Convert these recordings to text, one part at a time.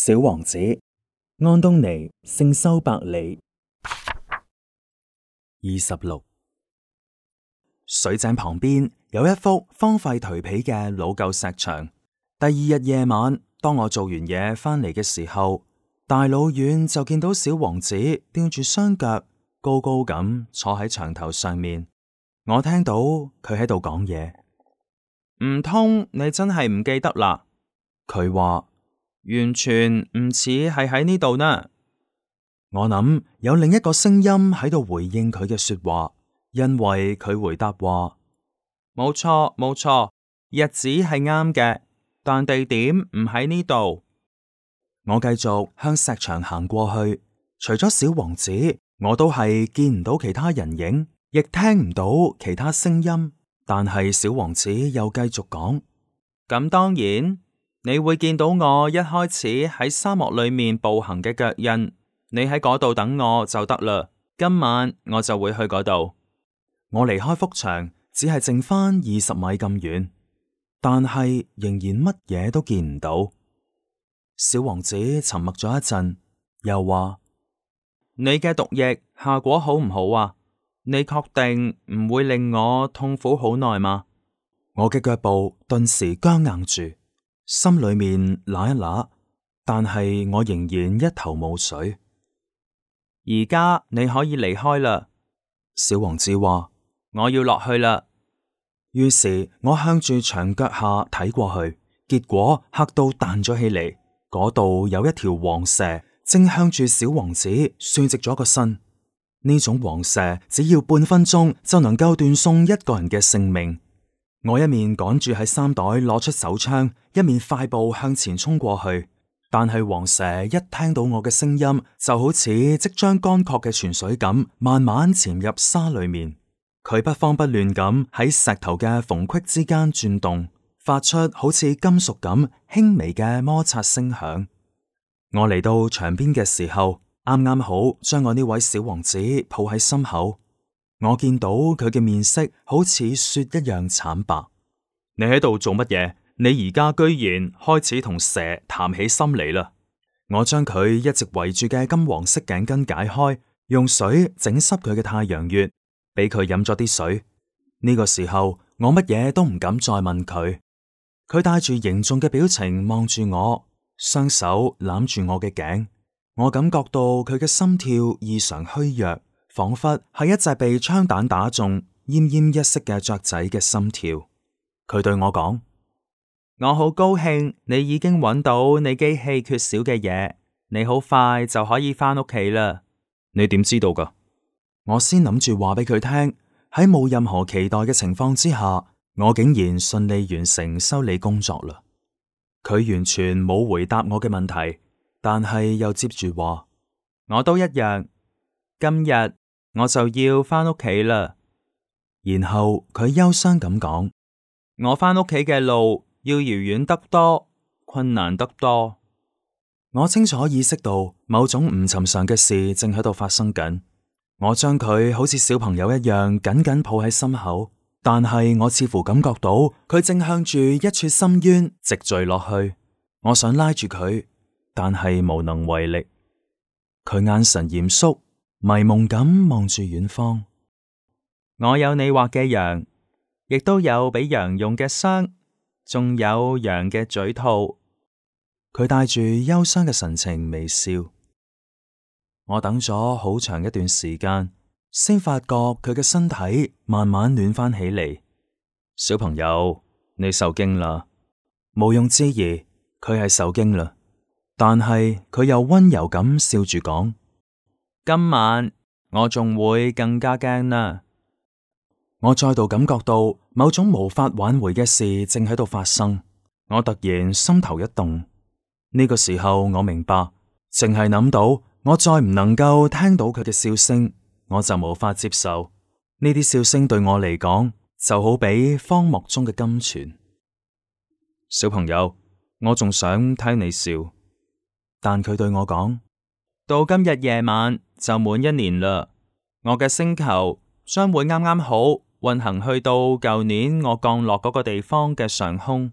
小王子，安東尼聖修伯里。二十六，水井旁邊有一幅荒廢頹圮嘅老舊石牆。第二日夜晚，當我做完嘢返嚟嘅時候，大老遠就見到小王子吊住雙腳，高高咁坐喺牆頭上面。我聽到佢喺度講嘢，唔通你真係唔記得啦？佢話。完全唔似係喺呢度呢。我諗有另一個聲音喺度回應佢嘅說話，因為佢回答話：冇錯，冇錯，日子係啱嘅，但地點唔喺呢度。我繼續向石牆行過去，除咗小王子，我都係見唔到其他人影，亦聽唔到其他聲音。但係小王子又繼續講：咁當然。你會見到我一開始喺沙漠裏面步行嘅腳印，你喺嗰度等我就得啦。今晚我就會去嗰度。我離開幅牆只係剩翻二十米咁遠，但係仍然乜嘢都見唔到。小王子沉默咗一陣，又話：你嘅毒液效果好唔好啊？你確定唔會令我痛苦好耐嗎？我嘅腳步頓時僵硬住。心裏面諗一諗，但係我仍然一頭霧水。而家你可以離開啦，小王子話，我要落去啦。於是我向住牆腳下睇過去，結果吓到彈咗起嚟。嗰度有一條黃蛇正向住小王子豎直咗個身。呢種黃蛇只要半分鐘就能夠斷送一個人嘅性命。我一面趕住喺衫袋攞出手槍，一面快步向前衝過去。但係黃蛇一聽到我嘅聲音，就好似即將乾涸嘅泉水咁，慢慢潛入沙裏面。佢不慌不亂咁喺石頭嘅縫隙之間轉動，發出好似金屬咁輕微嘅摩擦聲響。我嚟到牆邊嘅時候，啱啱好將我呢位小王子抱喺心口。我見到佢嘅面色好似雪一樣慘白。你喺度做乜嘢？你而家居然開始同蛇談起心嚟啦！我將佢一直圍住嘅金黃色頸巾解開，用水整濕佢嘅太陽穴，俾佢飲咗啲水。呢個時候，我乜嘢都唔敢再問佢。佢帶住凝重嘅表情望住我，雙手攬住我嘅頸。我感覺到佢嘅心跳異常虛弱。仿佛係一隻被槍彈打中奄奄一息嘅雀仔嘅心跳。佢對我講：我好高興你已經揾到你機器缺少嘅嘢，你好快就可以翻屋企啦。你點知道噶？我先諗住話俾佢聽，喺冇任何期待嘅情況之下，我竟然順利完成修理工作啦。佢完全冇回答我嘅問題，但係又接住話，我都一樣。今日。我就要翻屋企啦，然後佢憂傷咁講：我翻屋企嘅路要遙遠得多，困難得多。我清楚意識到某種唔尋常嘅事正喺度發生緊。我將佢好似小朋友一樣緊緊抱喺心口，但係我似乎感覺到佢正向住一處深淵直墜落去。我想拉住佢，但係無能為力。佢眼神嚴肅。迷蒙咁望住遠方，我有你畫嘅羊，亦都有俾羊用嘅傷，仲有羊嘅嘴套。佢帶住憂傷嘅神情微笑。我等咗好長一段時間，先發覺佢嘅身體慢慢暖翻起嚟。小朋友，你受驚啦，毋庸置疑，佢係受驚啦。但係佢又温柔咁笑住講。今晚我仲會更加驚啦！我再度感覺到某種無法挽回嘅事正喺度發生。我突然心頭一動，呢、這個時候我明白，淨係諗到我再唔能夠聽到佢嘅笑聲，我就無法接受。呢啲笑聲對我嚟講就好比荒漠中嘅甘泉。小朋友，我仲想聽你笑，但佢對我講。到今日夜晚就滿一年啦，我嘅星球將會啱啱好運行去到舊年我降落嗰個地方嘅上空。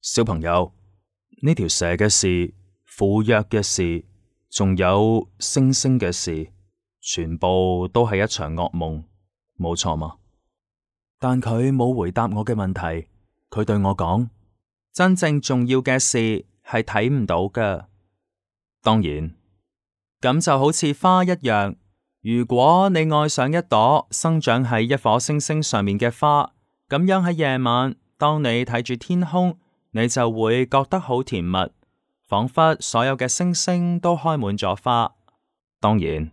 小朋友，呢條蛇嘅事，赴約嘅事，仲有星星嘅事，全部都係一場噩夢，冇錯嘛？但佢冇回答我嘅問題，佢對我講：真正重要嘅事係睇唔到嘅，當然。咁就好似花一樣，如果你愛上一朵生長喺一顆星星上面嘅花，咁樣喺夜晚，當你睇住天空，你就會覺得好甜蜜，仿佛所有嘅星星都開滿咗花。當然，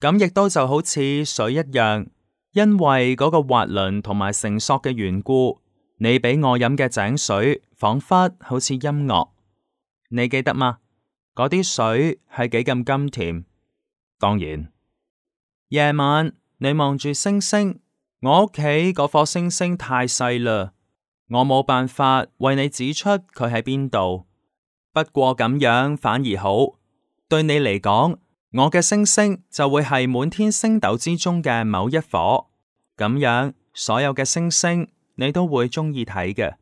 咁亦都就好似水一樣，因為嗰個滑輪同埋繩索嘅緣故，你俾我飲嘅井水，仿佛好似音樂，你記得嗎？嗰啲水係幾咁甘甜。當然，夜晚你望住星星，我屋企嗰顆星星太細啦，我冇辦法為你指出佢喺邊度。不過咁樣反而好，對你嚟講，我嘅星星就會係滿天星斗之中嘅某一顆。咁樣，所有嘅星星你都會中意睇嘅。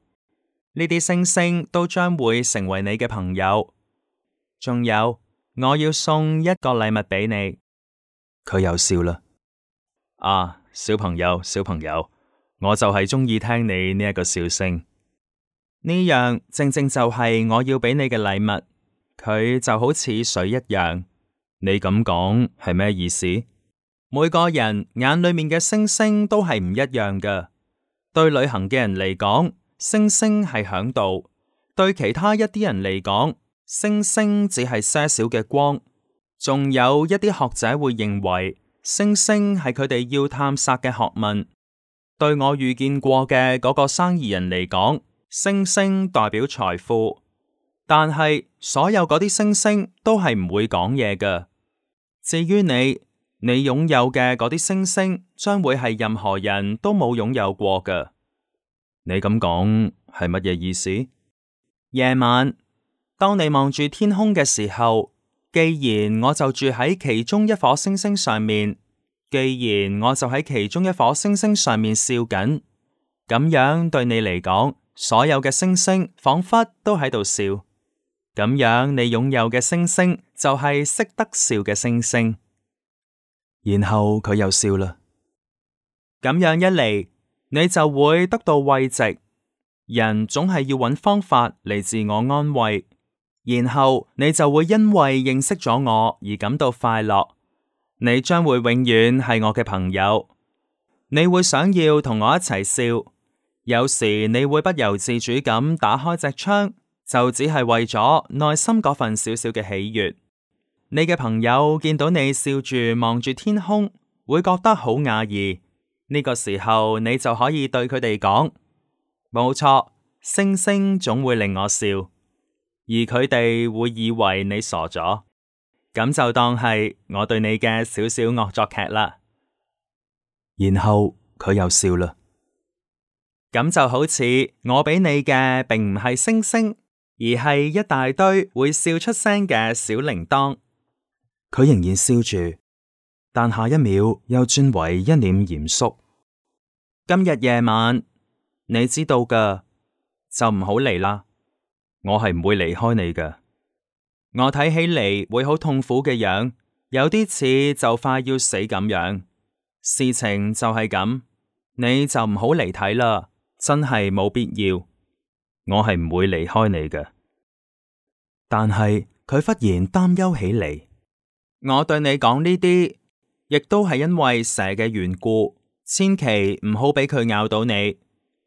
呢啲星星都將會成為你嘅朋友。仲有，我要送一個禮物俾你。佢又笑啦。啊，小朋友，小朋友，我就係鍾意聽你呢一個笑聲。呢樣正正就係我要俾你嘅禮物。佢就好似水一樣。你咁講係咩意思？每個人眼裏面嘅星星都係唔一樣嘅。對旅行嘅人嚟講，星星係響度；對其他一啲人嚟講，星星只係些少嘅光，仲有一啲學者會認為星星係佢哋要探索嘅學問。對我遇見過嘅嗰個生意人嚟講，星星代表財富，但係所有嗰啲星星都係唔會講嘢嘅。至於你，你擁有嘅嗰啲星星將會係任何人都冇擁有過嘅。你咁講係乜嘢意思？夜晚。當你望住天空嘅時候，既然我就住喺其中一顆星星上面，既然我就喺其中一顆星星上面笑緊，咁樣對你嚟講，所有嘅星星仿佛都喺度笑，咁樣你擁有嘅星星就係識得笑嘅星星。然後佢又笑啦，咁樣一嚟，你就會得到慰藉。人總係要揾方法嚟自我安慰。然後你就會因為認識咗我而感到快樂，你將會永遠係我嘅朋友。你會想要同我一齊笑，有時你會不由自主咁打開隻窗，就只係為咗內心嗰份少少嘅喜悅。你嘅朋友見到你笑住望住天空，會覺得好訝異。呢、這個時候你就可以對佢哋講，冇錯，星星總會令我笑。而佢哋會以為你傻咗，咁就當係我對你嘅少少惡作劇啦。然後佢又笑啦，咁就好似我俾你嘅並唔係星星，而係一大堆會笑出聲嘅小鈴鐺。佢仍然笑住，但下一秒又轉為一臉嚴肅。今日夜晚，你知道噶，就唔好嚟啦。我係唔會離開你嘅。我睇起嚟會好痛苦嘅樣，有啲似就快要死咁樣。事情就係咁，你就唔好嚟睇啦，真係冇必要。我係唔會離開你嘅。但係佢忽然擔憂起嚟，我對你講呢啲，亦都係因為蛇嘅緣故，千祈唔好俾佢咬到你。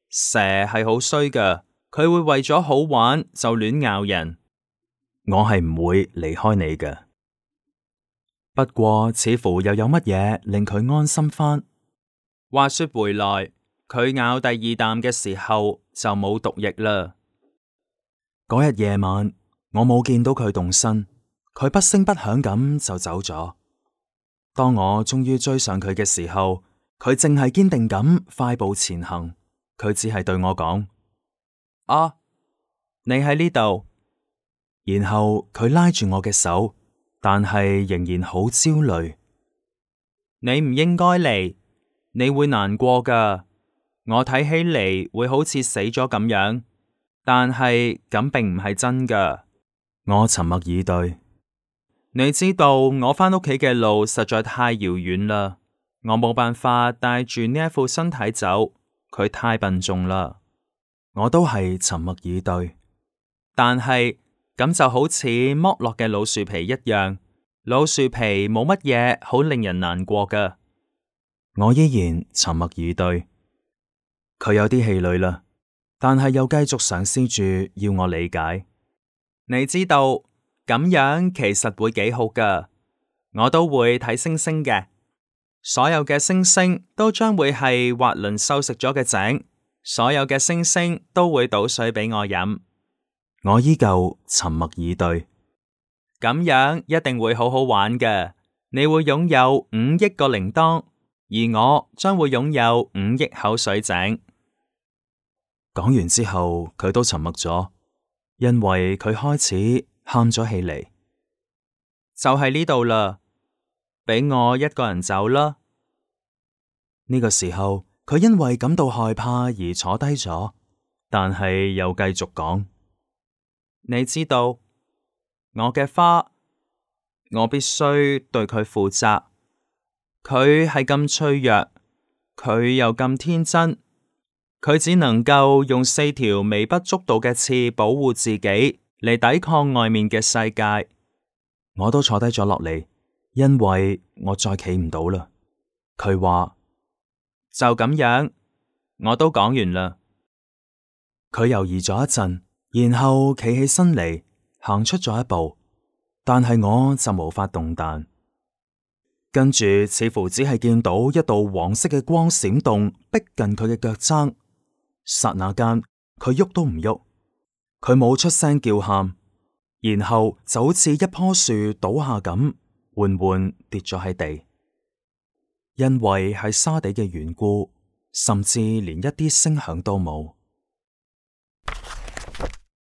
蛇係好衰嘅。佢會為咗好玩就亂咬人，我係唔會離開你嘅。不過似乎又有乜嘢令佢安心返。話說回來，佢咬第二啖嘅時候就冇毒液啦。嗰日夜晚我冇見到佢動身，佢不聲不響咁就走咗。當我終於追上佢嘅時候，佢淨係堅定咁快步前行。佢只係對我講。啊！你喺呢度，然後佢拉住我嘅手，但係仍然好焦慮。你唔應該嚟，你會難過噶。我睇起嚟會好似死咗咁樣，但係咁並唔係真噶。我沉默以對。你知道我返屋企嘅路實在太遙遠啦，我冇辦法帶住呢一副身體走，佢太笨重啦。我都係沉默以對，但係咁就好似剝落嘅老樹皮一樣，老樹皮冇乜嘢好令人難過噶。我依然沉默以對，佢有啲氣餒啦，但係又繼續嘗試住要我理解。你知道咁樣其實會幾好噶，我都會睇星星嘅，所有嘅星星都將會係滑輪收食咗嘅井。所有嘅星星都會倒水俾我飲，我依舊沉默以對。咁樣一定會好好玩嘅，你會擁有五億個鈴鐺，而我將會擁有五億口水井。講完之後，佢都沉默咗，因為佢開始喊咗起嚟。就喺呢度啦，俾我一個人走啦。呢個時候。佢因為感到害怕而坐低咗，但係又繼續講：你知道，我嘅花，我必須對佢負責。佢係咁脆弱，佢又咁天真，佢只能夠用四條微不足道嘅刺保護自己嚟抵抗外面嘅世界。我都坐低咗落嚟，因為我再企唔到啦。佢話。就咁樣，我都講完啦。佢猶豫咗一陣，然後企起身嚟，行出咗一步，但係我就無法動彈。跟住似乎只係見到一道黃色嘅光閃動逼近佢嘅腳踭。剎那間佢喐都唔喐，佢冇出聲叫喊，然後就好似一棵樹倒下咁，緩緩跌咗喺地。因為係沙地嘅緣故，甚至連一啲聲響都冇。